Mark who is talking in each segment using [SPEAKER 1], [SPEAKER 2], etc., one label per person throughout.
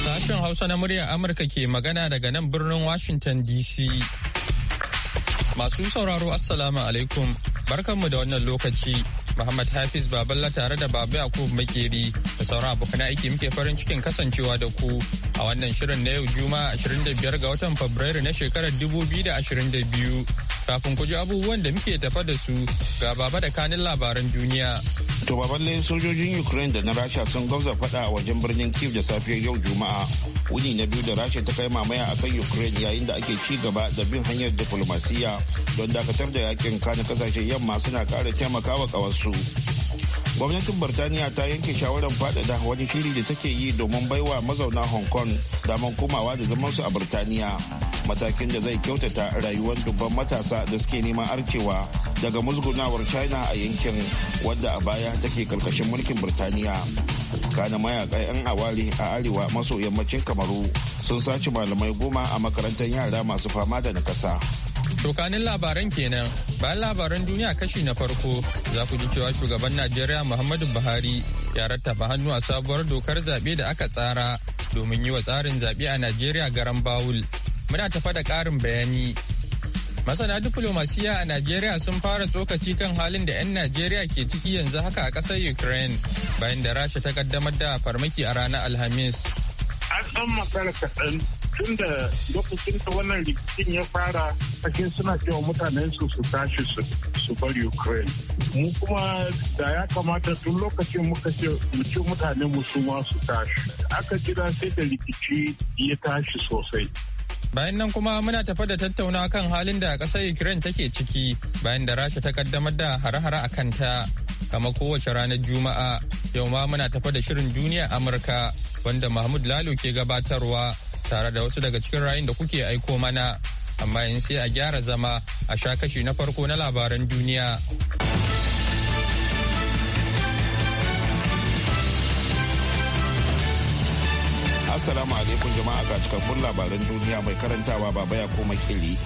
[SPEAKER 1] Sashen Hausa na muryar Amurka ke magana daga nan birnin Washington DC. Masu sauraro Assalamu alaikum barkanmu da wannan lokaci. Muhammad Hafiz Baballa tare da Baba Yakub Makeri da sauran abokan aiki muke farin cikin kasancewa da ku a wannan shirin na yau Juma'a 25 ga watan Fabrairu na shekarar 2022. Kafin ku ji abubuwan da muke tafa da su ga baba da kanin labaran duniya.
[SPEAKER 2] To baballe sojojin Ukraine da na Rasha sun gauza fada a wajen birnin Kiev da safiyar yau Juma'a. Wuni na biyu da Rasha ta kai mamaya a kan Ukraine yayin da ake ci gaba da bin hanyar diflomasiyya don dakatar da yakin kanin kasashen yamma suna kara taimakawa kawarsu. gwamnatin birtaniya ta yanke shawarar faɗaɗa wani shiri da take yi domin baiwa mazauna hong kong damar komawa da zaman su a birtaniya matakin da zai kyautata rayuwar dubban matasa da suke neman arkewa daga musgunawar china a yankin wadda a baya take karkashin mulkin birtaniya kana mayaka 'yan awari a arewa maso yammacin kamaru sun sace malamai goma a makarantar yara masu fama da nakasa
[SPEAKER 1] Tokanin labaran kenan bayan labaran duniya kashi na farko za ku ji cewa shugaban Najeriya Muhammadu Buhari ya rattaba hannu a sabuwar dokar zaɓe da aka tsara domin yi wa tsarin zaɓe a Najeriya garan bawul. Muna tafa da ƙarin bayani. Masana diplomasiya a Najeriya sun fara tsokaci kan halin da 'yan Najeriya ke ciki yanzu haka a ƙasar Ukraine bayan da Rasha ta kaddamar da farmaki a ranar Alhamis.
[SPEAKER 3] an ɗan makara kaɗan tun da lokacin da wannan rikicin ya fara ake suna cewa mutanen su su tashi su bar ukraine mu kuma da ya kamata tun lokacin muka ce ce mutane mu su ma su tashi aka jira sai da rikici ya tashi sosai
[SPEAKER 1] bayan nan kuma muna tafa da tattauna kan halin da ƙasar ukraine take ciki bayan da rasha ta kaddamar da hare-hare a kanta kama kowace ranar juma'a yau ma muna tafa da shirin duniya amurka wanda Mahmud Lalo ke gabatarwa tare da wasu daga cikin rayun da kuke aiko mana. Amma in sai a gyara zama a sha kashi na farko na labaran duniya.
[SPEAKER 2] Assalamu alaikum jama'a ga cikakkun labaran duniya mai karantawa baba ya ko kiri.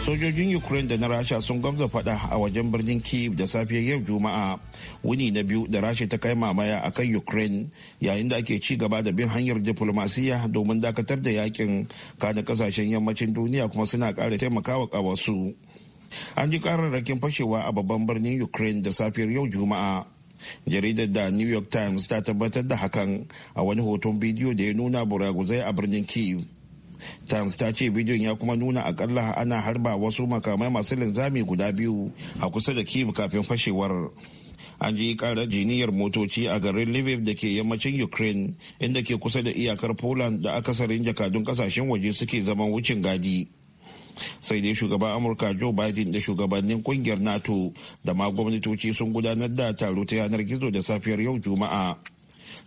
[SPEAKER 2] sojojin ukraine da na rasha sun gamza fada a wajen birnin kiev da safiyar yau juma'a wuni na biyu da rasha ta kai mamaya a kan ukraine yayin da ake ci gaba da bin hanyar diplomasiya domin dakatar da yakin kada kasashen yammacin duniya kuma suna kara taimakawa kawasu an ji kararrakin fashewa a babban birnin ukraine da safiyar yau juma'a jaridar da new york times ta tabbatar da hakan a wani hoton bidiyo da ya nuna buraguzai a birnin kiev times ta ce bidiyon ya kuma nuna akalla ana harba wasu makamai masu linzami guda biyu a kusa da kiev kafin fashewar an ji karar jiniyar motoci a garin lviv da ke yammacin ukraine inda ke kusa da iyakar poland da akasarin jakadun kasashen waje suke zaman wucin gadi sai dai shugaban amurka joe biden da shugabannin kungiyar nato da ma gwamnatoci sun gudanar da taro ta yanar gizo da safiyar yau juma'a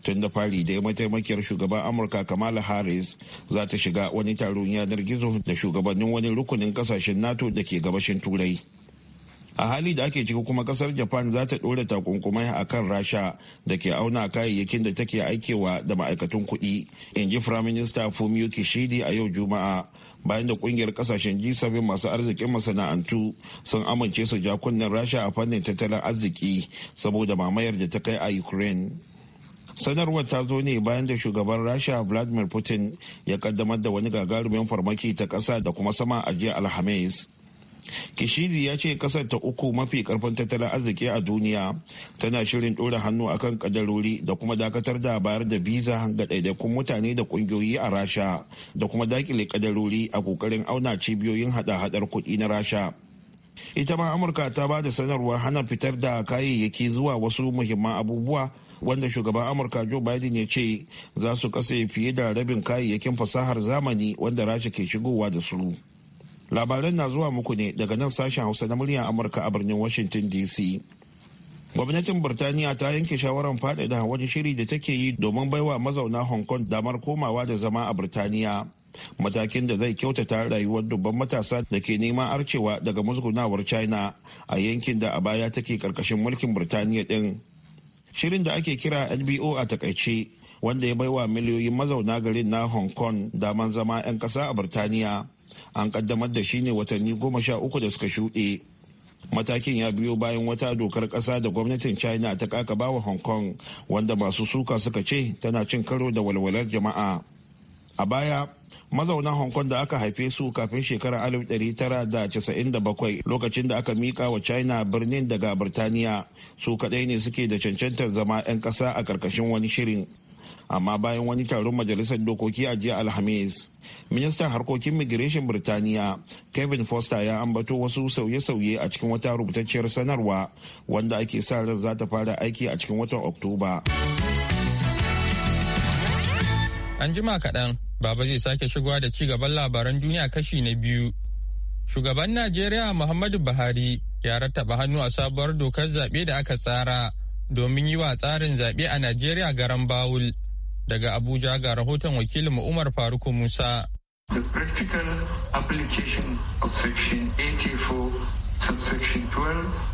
[SPEAKER 2] tun da fari dai mataimakiyar shugaban amurka kamala harris za ta shiga wani taron yanar gizo da shugabannin wani rukunin kasashen nato da ke gabashin turai a hali da ake ciki kuma kasar japan za ta ɗora takunkumai a kan rasha da ke auna kayayyakin da take aikewa da ma'aikatun kuɗi in ji firaminista fumio kishidi a yau juma'a bayan da kungiyar kasashen g7 masu arzikin masana'antu sun amince su jakunan rasha a fannin tattalin arziki saboda mamayar da ta kai a ukraine sanarwar ta zo ne bayan da shugaban rasha vladimir putin ya kaddamar da wani gagarumin farmaki ta ƙasa da kuma sama a jiya alhamis kishidi ya ce kasar ta uku mafi karfin tattalin arziki a duniya tana shirin ɗora hannu akan kadarori da kuma dakatar da bayar da visa ga ɗaiɗaikun mutane da ƙungiyoyi a rasha da kuma dakile kadarori a ƙoƙarin auna cibiyoyin hada-hadar kuɗi na rasha ita ma amurka ta ba da sanarwar hana fitar da kayayyaki zuwa wasu muhimman abubuwa wanda shugaban amurka joe biden ya ce za su kasa fiye da rabin kayayyakin fasahar zamani wanda rasha ke shigowa da su labaran na zuwa muku ne daga nan sashen hausa na muryar amurka a birnin washington dc gwamnatin burtaniya ta yanke shawarar faɗaɗa wani shiri da take yi domin baiwa mazauna hong kong damar komawa da zama a burtaniya matakin da zai kyautata rayuwar dubban matasa da ke neman arcewa daga musgunawar china a yankin da a baya take karkashin mulkin burtaniya din shirin da ake kira nbo a takaice wanda ya baiwa miliyoyin mazauna garin na hong kong daman zama 'yan ƙasa a birtaniya an kaddamar da shi ne watanni goma sha uku da suka shuɗe matakin ya biyo bayan wata dokar ƙasa da gwamnatin china ta kakaba wa hong kong wanda masu suka suka ce tana cin karo da walwalar jama'a a baya mazauna hong kong da aka haife su kafin shekarar 1997 lokacin da aka mika wa china birnin daga birtaniya su kadai ne suke da cancantar zama 'yan ƙasa a karkashin wani shirin amma bayan wani taron majalisar dokoki a jiya alhamis ministan harkokin migration birtaniya kevin foster ya ambato wasu sauye-sauye a cikin wata rubutacciyar sanarwa wanda ake sa ran za ta fara aiki a cikin watan oktoba
[SPEAKER 1] an jima kaɗan Baba zai sake shigowa da ci gaban labaran duniya kashi na biyu. Shugaban Najeriya Muhammadu Buhari ya rattaba hannu a sabuwar dokar zaɓe da aka tsara domin yi wa tsarin zaɓe a Najeriya garan Bawul. Daga Abuja ga rahoton wakilin Umar Faruku Musa. The
[SPEAKER 3] practical application of
[SPEAKER 4] section 84, subsection 12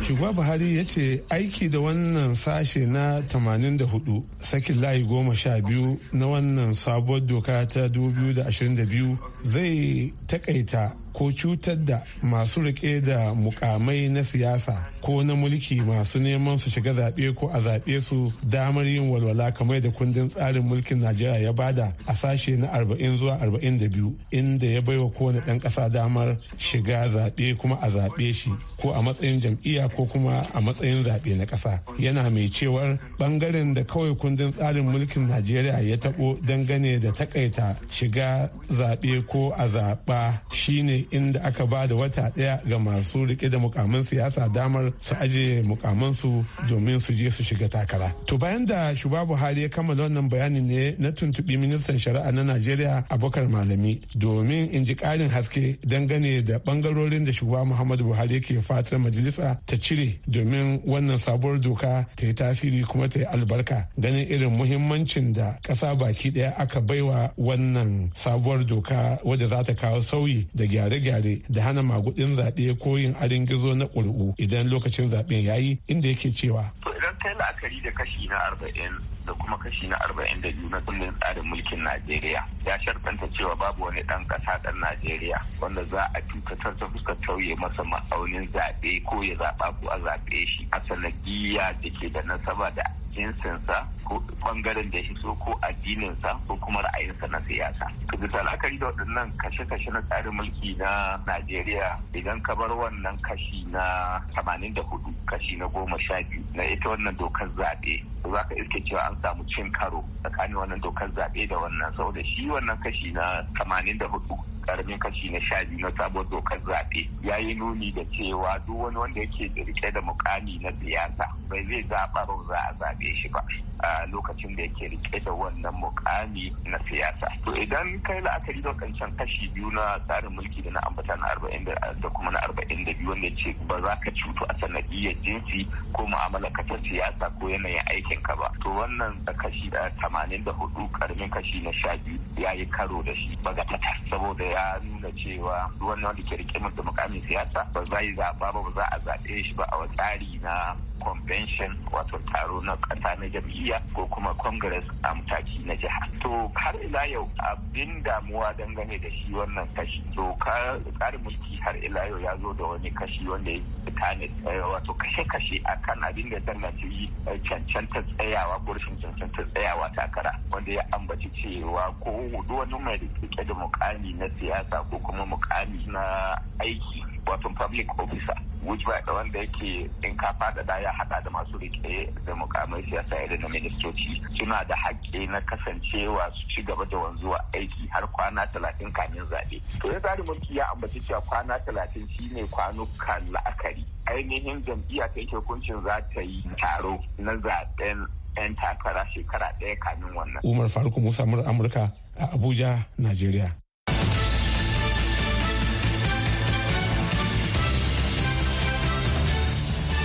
[SPEAKER 1] Shugaba Buhari
[SPEAKER 4] ya ce aiki da wannan sashe na 84 sakin layi goma sha biyu na wannan sabuwar doka ta 2022 zai takaita ko cutar da masu rike da mukamai na siyasa ko na mulki masu neman su shiga zaɓe ko a zaɓe su damar yin walwala kamar da kundin tsarin mulkin najeriya ya bada a sashe na 40 zuwa 42 inda ya baiwa kowane ɗan ƙasa damar shiga zaɓe kuma a zaɓe shi ko a matsayin jam'iyya ko kuma a matsayin zaɓe na ƙasa yana mai cewar ɓangaren da kawai kundin tsarin mulkin najeriya ya taɓo dangane da takaita shiga zaɓe ko a zaɓa shine inda aka ba da wata ɗaya ga masu rike da mukamin siyasa damar su aje mukamansu domin su je su shiga takara. To bayan da Shuba Buhari ya kammala wannan bayani ne na tuntuɓi ministan shari'a na Najeriya abokar Malami domin in ji ƙarin haske dangane da bangarorin da Shugaba Muhammadu Buhari ke fatar majalisa ta cire domin wannan sabuwar doka ta yi tasiri kuma ta yi albarka ganin irin muhimmancin da ƙasa baki ɗaya aka baiwa wannan sabuwar doka wadda za ta kawo sauyi da gyara gyare-gyare da hana magudin zaɓe ko yin arin gizo na ƙuri'u idan lokacin zaɓen ya yi inda yake cewa. to idan kai la'akari da kashi na arba'in da kuma kashi na arba'in da biyu na
[SPEAKER 5] kullum tsarin mulkin najeriya ya shartanta cewa babu wani ɗan ƙasa ɗan najeriya wanda za a tukatar ta fuskar tauye masa ma'aunin zaɓe ko ya zaɓa ko a zaɓe shi a sanadiyya da ke da nasaba da jinsinsa ko bangaren da ya so ko addininsa ko kuma ra'ayinsa na siyasa to bisa la'akari da waɗannan kashe-kashe na tsarin mulki na najeriya idan ka bar wannan kashi na tamanin da hudu kashi na goma sha biyu na ita wannan dokar zaɓe za ka iske cewa an samu cin karo tsakanin wannan dokar zaɓe da wannan saboda shi wannan kashi na tamanin da hudu karamin kashi na sha biyu na sabuwar dokar zaɓe ya yi nuni da cewa duk wani wanda yake da rike da mukami na siyasa bai zai zaɓa ba a zaɓe shi ba ah, lokacin da yake rike da wannan mukami na siyasa to idan kai la'akari da kancan kashi biyu na tsarin mulki da na ambata na arba'in da kuma na arba'in da biyu wanda ya ce ba za ka cutu a sanadiyyar jinsi ko mu'amala ka ta siyasa ko yanayin aikin ka ba to wannan da kashi da eh, tamanin da hudu karamin kashi na sha biyu ya yi karo da shi ba ga saboda ya nuna cewa wannan wanda ke rike da mukamin siyasa ba za yi zaɓa ba ba za a zaɓe shi ba a tsari na convention wato taro na ƙasa na jam'iyya ko kuma congress a mataki na jiha to har ila yau abin damuwa dangane da shi wannan kashi to tsarin mulki har ila yau ya zo da wani kashi wanda ya tane eh, wato kashe-kashe akan abin da yi eh, cancanta tsayawa ko rashin tsayawa takara wanda ya ambaci cewa ko wani mai rike da mukami na siyasa ko kuma mukami na aiki wato public officer which by da wanda yake in ka da ya haɗa da masu riƙe da mukamai siyasa da na ministoci suna da haƙƙi na kasancewa su ci gaba da wanzuwa aiki har kwana talatin kamin zaɓe
[SPEAKER 3] to ya tsari mulki
[SPEAKER 5] ya ambaci cewa kwana talatin shine kwanukan la'akari ainihin jam'iyya ta yake hukuncin za ta yi taro na zaɓen 'yan takara shekara ɗaya kamin wannan umar
[SPEAKER 4] faruk musa amurka a abuja najeriya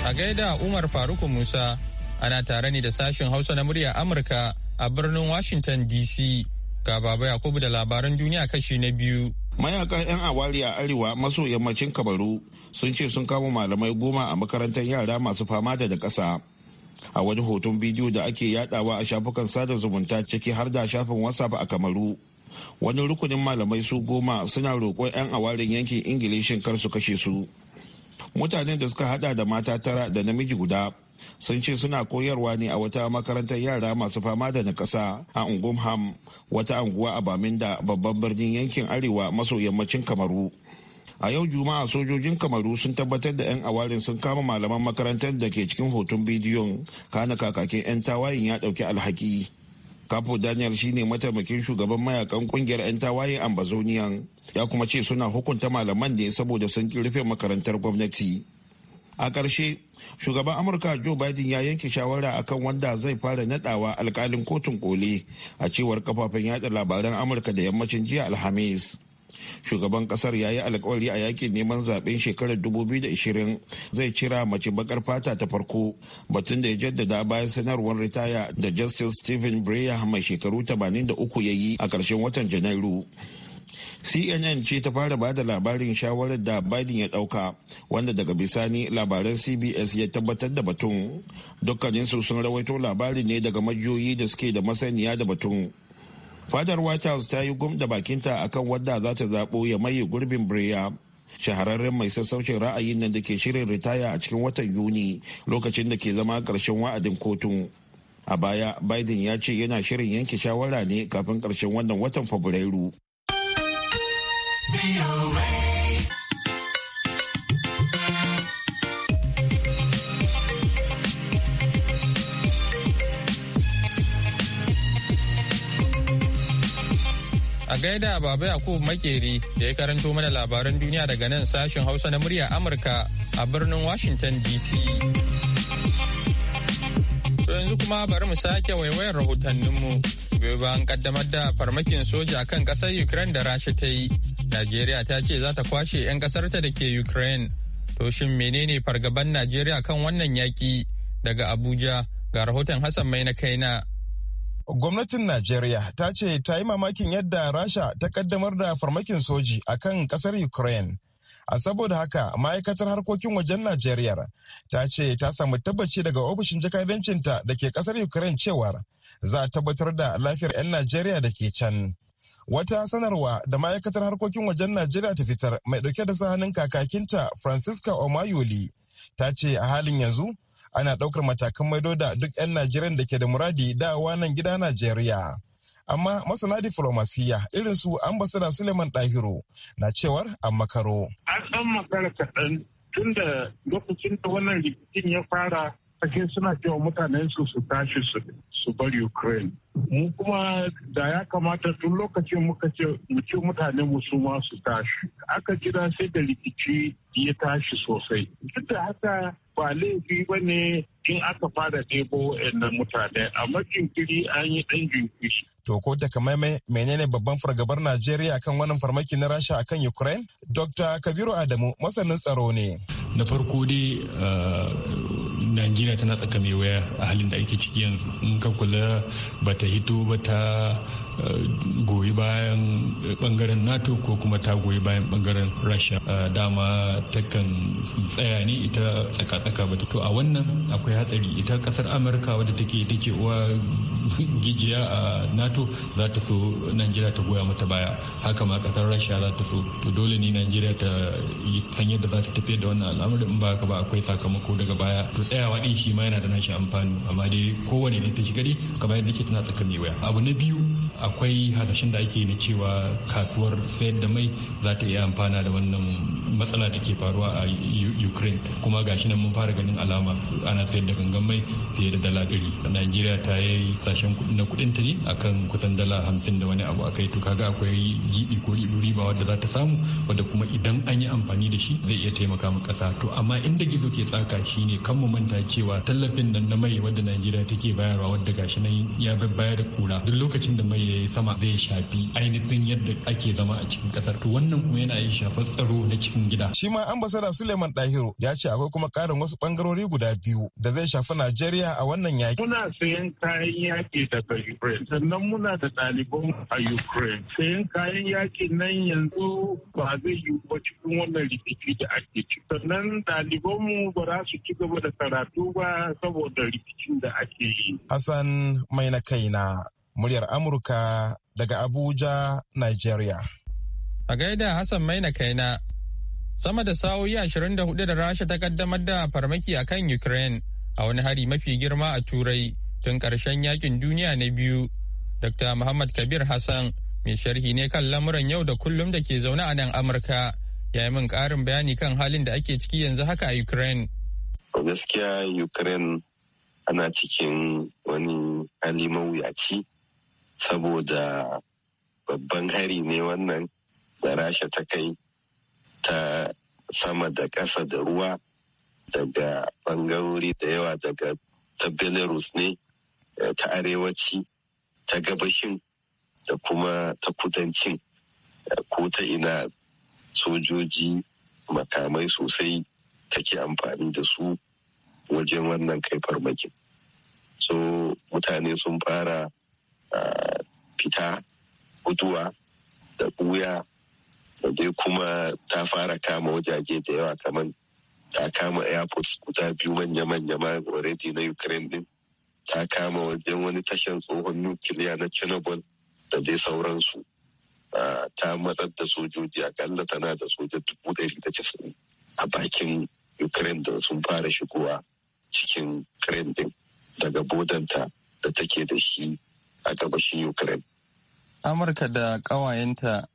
[SPEAKER 1] A gaida Umar Faruku Musa ana tare ne da sashen Hausa na murya Amurka a birnin Washington DC. Ga Baba Yakubu da labaran duniya kashi na biyu. Mayakan 'yan awari
[SPEAKER 2] a arewa maso yammacin Kabaru sun ce sun kama malamai goma a makarantar yara masu fama da da ƙasa. A wani hoton bidiyo da ake yadawa a shafukan sada zumunta ciki har da shafin WhatsApp a Kamaru. Wani rukunin malamai su goma suna roƙon 'yan awarin yankin Ingilishin kar su kashe su. mutanen da suka hada da mata tara da namiji guda sun ce suna koyarwa ne a wata makarantar yara masu fama da nakasa a ungumham wata anguwa a baminda babban birnin yankin arewa maso yammacin kamaru a yau juma'a sojojin kamaru sun tabbatar da 'yan awarin sun kama malaman makarantar da ke cikin hoton bidiyon kana kakakin 'yan tawayin ya dauki alhaki kapo daniel shine mataimakin shugaban mayakan kungiyar 'yan tawaye ambazonian ya kuma ce suna hukunta malaman ne saboda sun ki rufe makarantar gwamnati a ƙarshe shugaban amurka joe biden ya yanke shawara akan wanda zai fara nadawa alkalin kotun koli a cewar kafafen yada labaran amurka da yammacin jiya alhamis shugaban kasar ya yi alkawari a yakin neman zaben shekarar 2020 zai cira mace bakar fata ta farko batun da ya jaddada bayan sanarwar ritaya da justice stephen breyer mai shekaru 83 ya yi a ƙarshen watan janairu cnn ce ta fara bada labarin shawarar da biden ya dauka wanda daga bisani labaran cbs ya tabbatar da batun dukkaninsu sun rawaito labarin ne daga majiyoyi da suke da masaniya da batun fadar white house ta yi gum da bakinta kan wadda za ta zaɓo ya maye gurbin breya shahararren mai sassaucin ra'ayin nan da ke shirin ritaya a cikin watan yuni lokacin da ke zama ƙarshen wa'adin kotun a baya biden ya ce yana shirin yanke shawara ne kafin karshen wannan watan fabrairu
[SPEAKER 1] A gaida Baba Yakubu Makeri da ya karanto mana labaran duniya daga nan sashen Hausa na murya Amurka a birnin Washington DC. yanzu kuma bari mu sake waiwayar rahotanninmu. ba an kaddamar da farmakin soja kan kasar Ukraine da Rasha ta yi, Najeriya ta ce za ta kwashe 'yan kasarta da ke Ukraine. To shin menene fargaban Najeriya kan wannan yaki daga Abuja ga rahoton Hassan Mai na kaina.
[SPEAKER 6] Gwamnatin Najeriya ta ce ta yi mamakin yadda Rasha ta kaddamar da farmakin soji a kan ƙasar Ukraine. A saboda haka ma'aikatar harkokin wajen Najeriya ta ce ta samu tabbaci daga ofishin jakadancinta da ke ƙasar Ukraine cewar za a tabbatar da lafiyar 'yan Najeriya da ke can. Wata sanarwa da ma'aikatar harkokin wajen Najeriya ta fitar mai dauke da sahanin kakakinta Francisca Omayoli ta ce a halin yanzu ana ɗaukar matakan maido da duk 'yan Najeriya da ke da muradi da nan gida Najeriya. Amma masana diflomasiyya irin su ambasada Suleiman Dahiru na cewar an makaro.
[SPEAKER 3] An makara kaɗan tun da lokacin da wannan rikicin ya fara kasashe suna cewa mutanen su su tashi su bar ukraine mu kuma da ya kamata tun lokacin muka ce mu ce mutane mu su ma su tashi aka jira sai da rikici ya tashi sosai duk da haka ba laifi ba ne in aka fara ɗebo na mutane amma jinkiri an yi ɗan jinkiri.
[SPEAKER 6] To ko daga maimai menene babban fargabar Najeriya akan wannan farmaki na Rasha akan Ukraine? Dr. Kabiru Adamu masanin tsaro ne.
[SPEAKER 7] Na farko dai ah, najeriya tana tsaka mai waya a halin da ake ciki yanzu in ka kula ba ta hito ba ta goyi bayan eh, bangaren nato ko kuma ta goyi bayan bangaren rasha eh, dama takan tsaya ne ita tsaka-tsaka ba to a wannan akwai hatsari ita kasar amurka wadda take take wa gijiya a nato za ta so nigeria ta goya mata baya haka ma kasar rasha za ta so to dole ne najeriya ta yi san yadda za ta tafiyar da wannan al'amarin in ba haka ba akwai sakamako daga baya to tsayawa din shi ma yana da nashi amfani amma dai kowane ne ta shiga dai kamar yadda ke tana tsakar mai waya abu na biyu akwai hadashin da ake na cewa kasuwar sayar da mai za ta iya amfana da wannan matsala da ke faruwa a ukraine kuma gashi nan mun fara ganin alama ana sayar da gangan mai fiye da dala ɗari najeriya ta yi sashen na kuɗin ta ne akan kusan dala hamsin da wani abu a kai to kaga akwai gibi ko riba wadda za ta samu wadda kuma idan an yi amfani da shi zai iya taimaka mu ƙasa to amma inda gizo ke tsaka shine kan mu manta cewa tallafin nan na mai wadda najeriya take bayarwa wadda gashi nan ya bayar da kura duk lokacin da mai ya sama zai shafi ainihin yadda ake zama a cikin kasar to wannan kuma yana yin shafar tsaro na cikin gida
[SPEAKER 6] shi ma ambasada suleiman dahiru ya ce akwai kuma karin wasu bangarori guda biyu da zai shafi najeriya a wannan yaki muna
[SPEAKER 3] sayan kayan yaki daga ukraine sannan muna da ɗaliban a ukraine sayan kayan yaki nan yanzu ba zai yi ba cikin wannan rikici da ake ci sannan ɗalibanmu ba za su ci gaba da karatu
[SPEAKER 1] ba saboda rikicin da ake yi
[SPEAKER 6] hassan mai na kaina muryar Amurka daga Abuja, Nigeria.
[SPEAKER 1] A gaida Hassan Maina kaina, sama da sa'o'i ashirin da hudu da Rasha ta kaddamar da farmaki a kan Ukraine a wani hari mafi girma a Turai tun ƙarshen yakin duniya na biyu. Dr. Muhammad Kabir Hassan, mai sharhi ne kan lamuran yau da kullum da ke zaune a nan Amurka, ya yi min ƙarin bayani kan halin da ake ciki yanzu haka a Ukraine.
[SPEAKER 8] Gaskiya Ukraine ana cikin wani hali mawuyaci. saboda babban hari ne wannan da rasha ta kai ta sama da ƙasa da ruwa daga bangarori da yawa daga ta belarus ne eh, ta arewaci ta gabashin da kuma ta kudancin eh, ko ta ina sojoji makamai sosai take amfani da su wajen wannan kai farmakin so mutane sun fara fita guduwa da buya da dai kuma ta fara kama wajaje da yawa kamar ta kama airports guda biyu manya-manya ma already na ukraine din ta kama wajen wani tashar tsohon nukiliya na chernobyl da dai sauransu ta matsar da sojoji a akalla tana da sojoji dubu da casa'in a bakin ukraine da sun fara shigowa cikin kremlin daga bodanta da take da shi a gabashin ukraine
[SPEAKER 1] amurka da ƙawayenta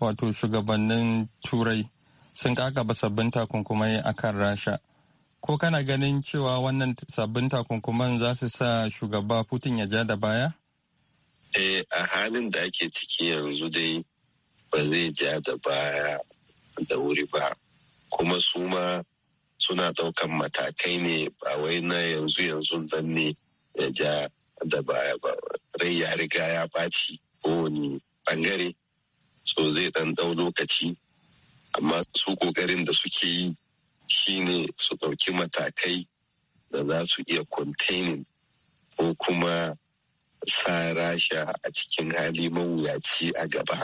[SPEAKER 1] wato shugabannin turai sun kakaba sabbin takunkumai a kan rasha ko kana ganin cewa wannan sabbin takunkuman za su sa shugaba putin ya ja da baya eh a
[SPEAKER 8] halin da ake ciki yanzu dai ba zai ja da baya da wuri ba kuma su ma suna ɗaukan matakai ne ba wai na yanzu yanzu zan ne ya ja da baya ba rai ya riga ya ɓaci kowane bangare so zai ɗan ɗau lokaci amma su ƙoƙarin da suke yi shine su ɗauki matakai da za su iya containing ko kuma sa rasha a cikin hali mawuyaci a gaba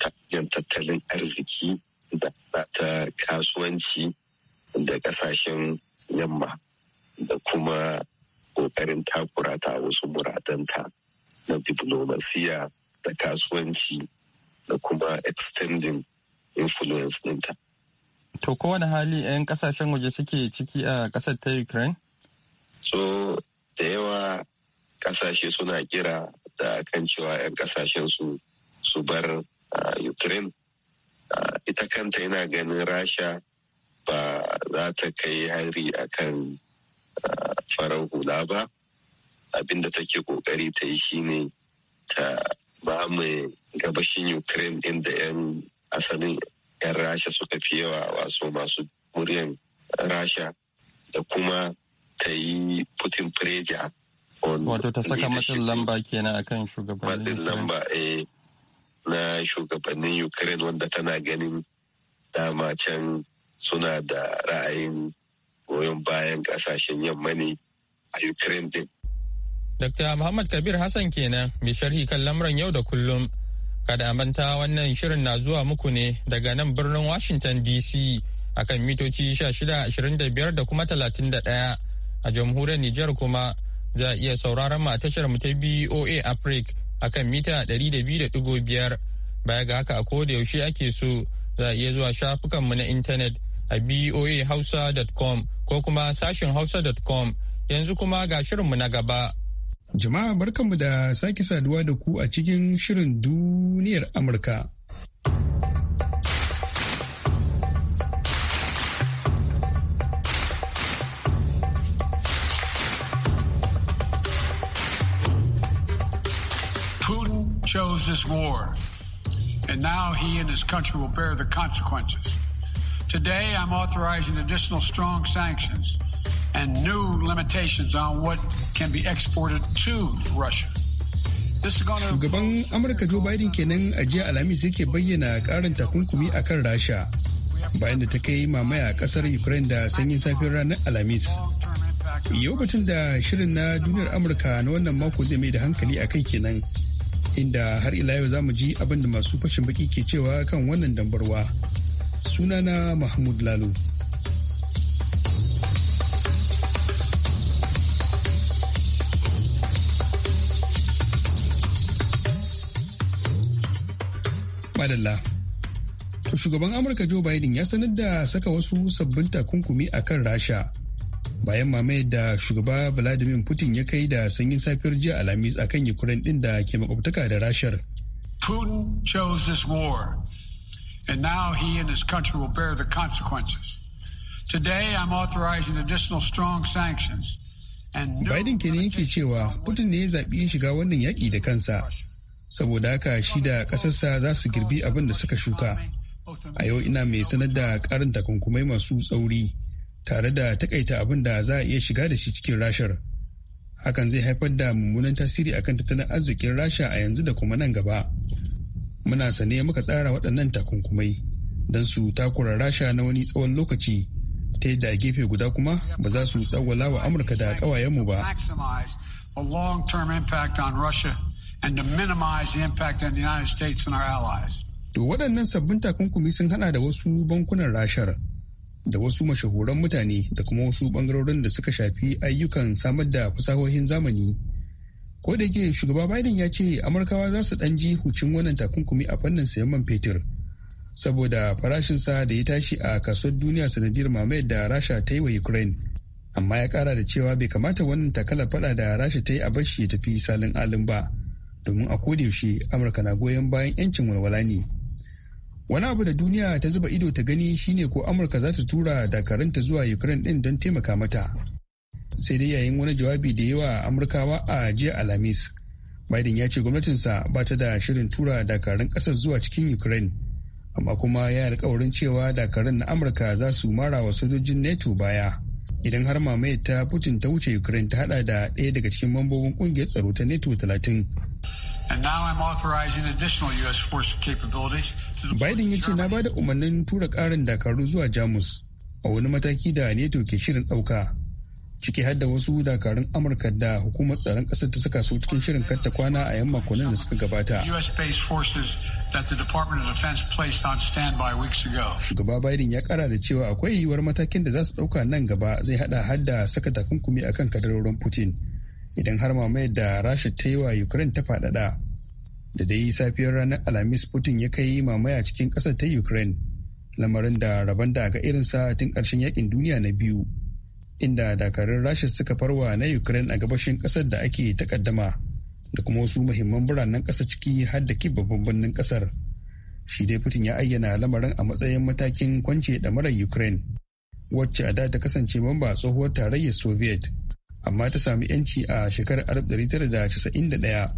[SPEAKER 8] ta hanyar tattalin arziki da ta kasuwanci da kasashen yamma da kuma ƙoƙarin takura ta wasu muradanta na diplomasiya da kasuwanci da kuma extending influence ɗinta.
[SPEAKER 1] To kowane hali 'yan kasashen waje suke ciki a ƙasar ta Ukraine?
[SPEAKER 8] So da yawa kasashe suna kira da kan cewa 'yan kasashen su su bar Ukraine. Ita kanta yana ganin Rasha ba za ta kai hari akan farar hula ba abin da take kokari ta yi shine ta ba mu gabashin ukraine din da 'yan asalin 'yan rasha suka fi yawa wasu masu muryan rasha da kuma ta yi putin preja
[SPEAKER 1] wato ta saka matsin lamba kenan akan shugabannin matsin
[SPEAKER 8] lamba eh, na shugabannin ukraine wanda tana ganin dama can suna da ra'ayin goyon bayan kasashen yamma ne
[SPEAKER 1] a ukraine din Dr. Muhammad Kabir Hassan kenan mai sharhi kan lamuran yau da kullum. Kada a manta wannan shirin na zuwa muku ne daga nan birnin Washington DC akan mitoci 1625 da kuma 31 a jamhuriyar Nijar kuma za a iya sauraron mu a tashar mu ta BOA Africa akan mita 200.5 baya ga haka a koda yaushe ake so za a iya zuwa shafukanmu na intanet a boahausa.com ko kuma sashin hausa.com yanzu kuma ga shirinmu na gaba.
[SPEAKER 9] Jama'a barkanmu da sake saduwa da ku a cikin shirin duniyar Amurka.
[SPEAKER 10] Putin chose this war, and now he and his country will bear the consequences. Today, I'm authorizing additional strong sanctions and new limitations on what can be exported to Russia.
[SPEAKER 9] Shugaban Amurka Joe Biden kenan a jiya Alhamis yake bayyana karin takunkumi a kan Rasha bayan da ta kai mamaya kasar Ukraine da sanyin safin ranar Alhamis. Yau batun da shirin na duniyar Amurka na wannan mako zai mai da hankali a kai kenan inda har ila yau za mu ji abinda masu fashin baki ke cewa kan wannan dambarwa. Sunana Mahmud lalu. madalla. To shugaban Amurka Joe Biden ya sanar da saka wasu sabbin takunkumi a kan Rasha bayan mamaye da shugaba Vladimir Putin ya kai da sanyin safiyar jiya Alhamis a kan Ukraine din da ke makwabtaka da Rashar.
[SPEAKER 10] Putin chose this war and now he and his country will bear the consequences. Today I'm authorizing additional strong sanctions.
[SPEAKER 9] Biden kenan yake cewa Putin ne ya zaɓi shiga wannan yaƙi da kansa. saboda haka shi da ƙasarsa za su girbi abin da suka shuka a yau ina mai sanar da karin takunkumai masu tsauri tare da takaita abin da za a iya shiga da shi cikin rashar hakan zai haifar da mummunan tasiri akan tattalin arzikin rasha a yanzu da kuma nan gaba muna sane muka tsara waɗannan takunkumai don su takura rasha na wani tsawon lokaci ta yadda a gefe guda kuma ba za su tsawwala wa amurka da ƙawayenmu ba
[SPEAKER 10] and to minimize the impact on the United States and our allies.
[SPEAKER 9] To waɗannan sabbin takunkumi sun hada da wasu bankunan rashar da wasu mashahuran mutane da kuma wasu bangarorin da suka shafi ayyukan samar da fasahohin zamani. Ko da yake shugaba Biden ya ce Amurkawa za su ɗan ji hucin wannan takunkumi a fannin sayan man fetur. Saboda farashinsa da ya tashi a kasuwar duniya sanadiyar mamayar da Rasha ta yi wa Ukraine. Amma ya kara da cewa bai kamata wannan takalar faɗa da Rasha ta yi a bashi ya tafi salin alin ba. domin a yaushe amurka na goyon bayan 'yancin walwala ne wani abu da duniya ta zuba ido ta gani shine ko amurka za ta tura dakaranta zuwa ukraine din don taimaka mata sai dai yayin wani jawabi da yawa amurkawa a jiya alhamis biden ya ce gwamnatinsa ba ta da shirin tura dakarun kasar zuwa cikin ukraine amma kuma ya yi alkawarin cewa dakarun na amurka za su mara wa sojojin nato baya idan har mamayar ta putin ta wuce ukraine ta hada da ɗaya daga cikin mambobin kungiyar tsaro ta nato talatin
[SPEAKER 10] Biden
[SPEAKER 9] ya ce na ba da umarnin tura karin dakaru zuwa Jamus a wani mataki da NATO ke shirin ɗauka. Ciki har da wasu dakarun Amurka da hukumar tsaron ƙasar ta saka su cikin shirin katta kwana a yan makonnin da suka gabata. Shugaba Biden ya kara da cewa akwai yiwuwar matakin da za su ɗauka nan gaba zai haɗa hadda saka takunkumi akan kadarorin Putin. idan har mamayar da rasha ta yi wa ukraine ta faɗaɗa da dai safiyar ranar alhamis putin ya kai mamaya cikin ƙasa ta ukraine lamarin da rabon da ga irinsa tun ƙarshen yakin duniya na biyu inda dakarun rasha suka farwa na ukraine a gabashin ƙasar da ake takaddama da kuma wasu muhimman biranen ƙasa ciki har da ki babban birnin ƙasar shi dai putin ya ayyana lamarin a matsayin matakin kwance da marar ukraine wacce a da ta kasance mamba tsohuwar tarayyar soviet amma ta sami yanci a shekarar 1991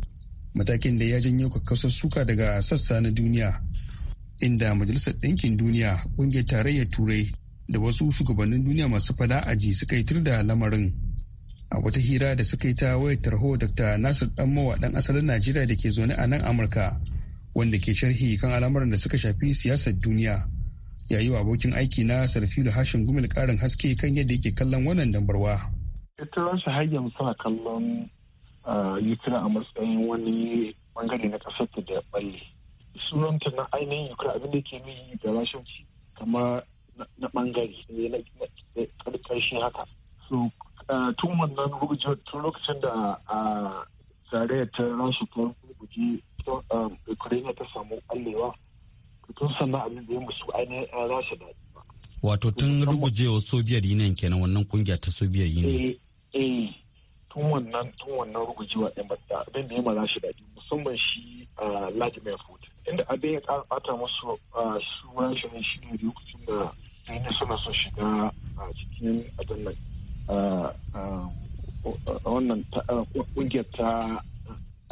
[SPEAKER 9] matakin da ya janyo kakkasar suka daga sassa na duniya inda majalisar ɗinkin duniya ƙungiyar tarayyar turai da wasu shugabannin duniya masu fada aji suka yi tur da lamarin a wata hira da suka yi ta wayar tarho dr nasir dan mawa dan asalin najeriya da ke zaune a nan amurka wanda ke sharhi kan al'amuran da suka shafi siyasar duniya yayi wa abokin aiki na sarfilu hashin gumil karin haske kan yadda yake kallon wannan dambarwa
[SPEAKER 3] ita rasha har yanzu suna kallon ah, ukraine a matsayin wani bangare na kasar da da balle sunanta na ainihin ukraine abin da ke nuni da rashinci kamar na bangare ne na ƙarshe haka so ah, tun wannan rubuce tun lokacin da tarayyar ah, ta rashin ta rubuce ukraine ta samu ta tun sannan abin da ya musu ainihin rasha
[SPEAKER 9] daɗi wato tun rugujewa soviet union kenan wannan kungiya ta soviet union
[SPEAKER 3] eh, eh tun wannan tun wannan rugujewa ɗin ba abin da ya maza shi daɗi musamman shi a man food inda abin ya ƙara ɓata musu sunan shi ne shi ne lokacin da ne suna son shiga a cikin abin nan wannan ƙungiyar ta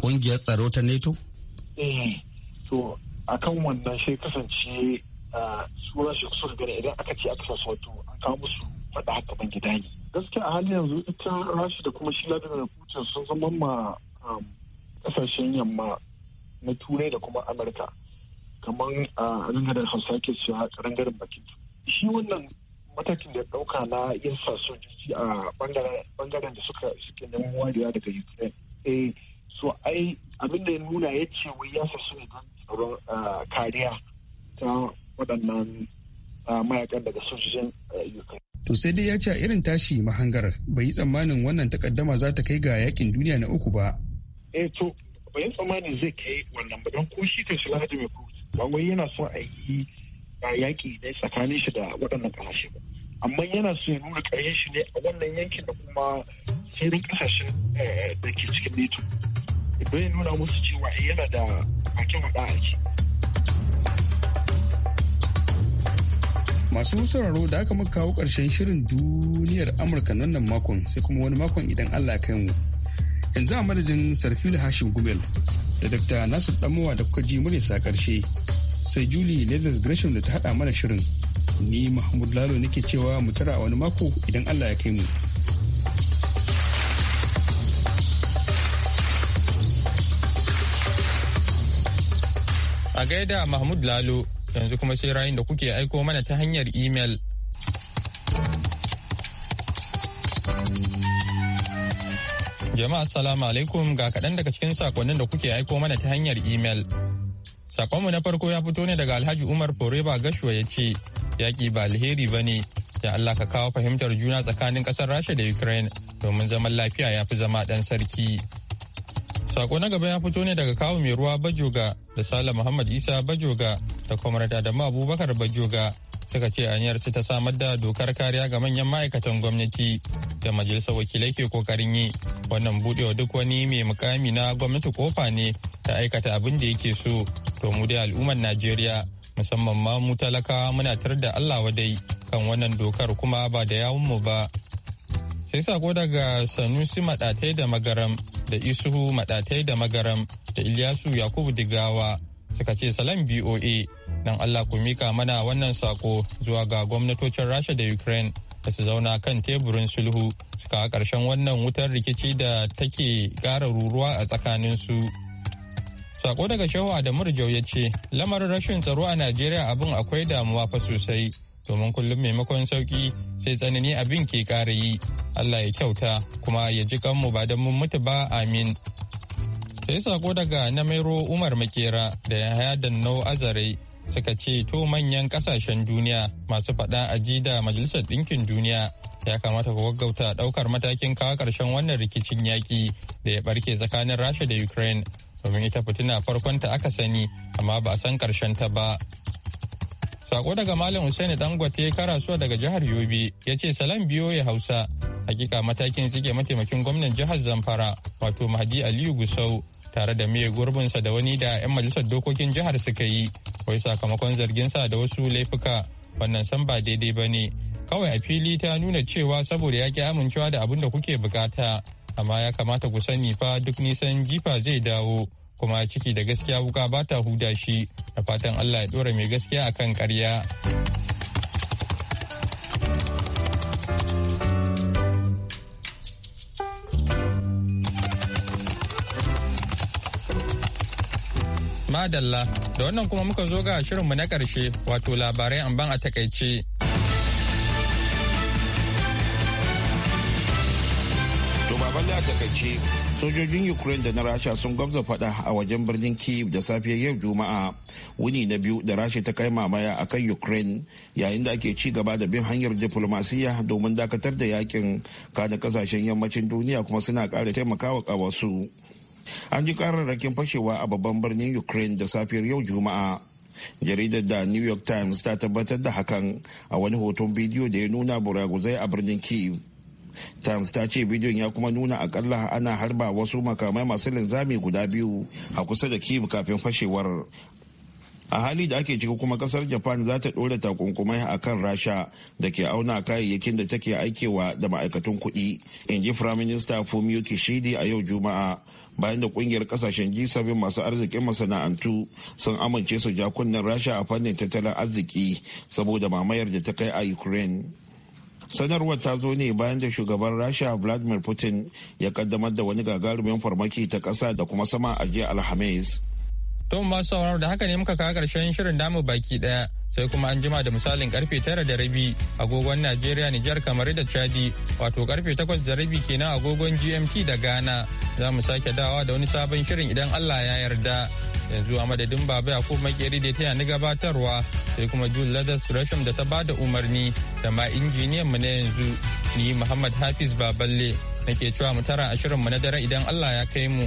[SPEAKER 9] ƙungiyar tsaro ta neto?
[SPEAKER 3] Eh, to kan wannan shi kasance sunan shi kusa gani idan aka ce aka sa su wato an kawo musu faɗa haka ban gida ne. gaskiya a halin yanzu ita rashi da kuma shi vladimir putin sun zama ma kasashen um, yamma na turai da kuma amurka kamar a rangaren hausa ke cewa rangaren bakin shi wannan matakin da dauka na yin sa sojoji a bangaren da suka suke neman wariya daga ukraine eh, so ai abin da ya nuna ya ce wai ya sa su ne don tsaron kariya ta waɗannan mayakan daga sojojin ukraine
[SPEAKER 9] to sai dai ya ce irin tashi mahangar bai yi tsammanin wannan takaddama za ta kai ga yakin duniya na uku ba.
[SPEAKER 3] eh to bai tsammanin zai kai wannan ba don ko shi kan shi lahadi mai kuma ba yana so a yi yaƙi ne tsakanin shi da waɗannan ƙasashe ba amma yana so ya nuna ƙaryen shi ne a wannan yankin da kuma sirrin ƙasashen eh, da ke cikin nato idan ya nuna musu cewa yana da bakin wada a
[SPEAKER 9] Masu sauraro da aka muka kawo ƙarshen shirin duniyar Amurka nan nan makon sai kuma wani makon idan Allah kai mu. Yanzu a madadin Sarfil Hashim Gumel da Dr. Nasir Damowa da kuka ji murya sa ƙarshe sai juli Leathers Gresham da ta haɗa mana shirin. Ni Mahmud Lalo nake cewa mu tara a wani mako idan Allah ya kai mu.
[SPEAKER 1] A gaida Mahmud Lalo yanzu kuma sai rayun da kuke aiko mana ta hanyar imel. Jama'a salamu alaikum ga kaɗan daga cikin sakonnin da kuke aiko mana ta hanyar imel. Sakonmu na farko ya fito ne daga Alhaji Umar Foreba Gashuwa ya ce, yaƙi ba alheri ba ne, da Allah ka kawo fahimtar juna tsakanin ƙasar Rasha da Ukraine domin zaman lafiya ya fi zama ɗan sarki. Sako na gaba ya fito ne daga kawo mai ruwa Bajoga da Sala Muhammad Isa Bajoga da comrade adamu abubakar bajoga suka ce aniyarsu ta samar da dokar kariya ga manyan ma'aikatan gwamnati da majalisar wakilai ke kokarin yi wannan budewa duk wani mai mukami na gwamnati kofa ne ta aikata abin da yake so to mu dai al'ummar najeriya musamman ma mu talakawa muna tar da allah wadai kan wannan dokar kuma ba da yawun mu ba sai sako daga sanusi madatai da magaram da isuhu madatai da magaram da ilyasu yakubu digawa suka ce salam BOA don Allah ku mika mana wannan sako zuwa ga gwamnatocin Rasha da Ukraine da su zauna kan teburin sulhu suka a ƙarshen wannan wutar rikici da take ƙara ruruwa a tsakaninsu. Sako daga Shehu da Murjau ya ce lamarin rashin tsaro a Najeriya abin akwai damuwa fa sosai domin kullum maimakon sauki sai tsanani abin ke ƙara yi. Allah ya kyauta kuma ya ji kanmu ba don mun mutu ba amin. sai sako daga namairo umar makera da ya da nau azare suka ce to manyan kasashen duniya masu faɗa a ji da majalisar ɗinkin duniya ya kamata ku gaggauta ɗaukar matakin kawo ƙarshen wannan rikicin yaƙi da ya ɓarke tsakanin rasha da ukraine domin ita fitina farkon ta aka sani amma ba a san ƙarshen ta ba sako daga malam usaini dangote karasuwa daga jihar yobe ya ce salam biyo ya hausa hakika matakin tsige mataimakin gwamnan jihar zamfara wato mahdi aliyu gusau tare da miye gurbinsa da wani da 'yan majalisar dokokin jihar suka yi wai sakamakon zargin sa da wasu laifuka wannan san ba daidai ba ne kawai a fili ta nuna cewa saboda ya ki amincewa da abin da kuke bukata amma ya kamata ku sani fa duk nisan jifa zai dawo kuma ciki da gaskiya wuka ba ta huda shi da fatan allah ya dora mai gaskiya akan karya. Madalla, da wannan kuma muka zo ga shirinmu na ƙarshe wato labarai amban a takaice.
[SPEAKER 2] baballe a takaice sojojin ukraine da na rasha sun gwamza fada a wajen birnin kiev da safiyar yau juma'a wuni na biyu da rasha ta kai mamaya a kan ukraine yayin da ake ci gaba da bin hanyar diplomasiya domin dakatar da yakin kana kasashen yammacin duniya kuma suna kara taimakawa kawasu an ji kararrakin fashewa a babban birnin ukraine da safiyar yau juma'a jaridar da new york times ta tabbatar da hakan a wani hoton bidiyo da ya nuna buraguzai a birnin kiev times ta ce bidiyon ya kuma nuna akalla ana harba wasu makamai masu linzami guda biyu a kusa da kiev kafin fashewar a hali da ake ciki kuma kasar japan za ta ɗora takunkumai a kan rasha da ke auna kayayyakin da take aikewa da ma'aikatun kuɗi in ji firaminista fumio kishidi a yau juma'a bayan da kungiyar kasashen g7 masu arzikin masana'antu sun amince su ja kunnen rasha a fannin tattalin arziki saboda mamayar da ta kai a ukraine sanarwar ta zo ne bayan da shugaban rasha vladimir putin ya kaddamar da wani gagarumin farmaki ta kasa da kuma sama a jiya alhamis
[SPEAKER 1] To masu sauraro da haka ne muka kawo karshen shirin damu baki ɗaya sai kuma an jima da misalin karfe tara da rabi agogon Najeriya Nijar kamar da Chadi wato karfe takwas da rabi kenan agogon GMT da Ghana za mu sake dawa da wani sabon shirin idan Allah ya yarda yanzu a madadin baba ya kuma makeri da taya ni gabatarwa sai kuma Jul Ladas Gresham da ta ba da umarni da ma injiniyan mu na yanzu ni Muhammad Hafiz Baballe nake cewa mu tara a shirin mu na dare idan Allah ya kai mu.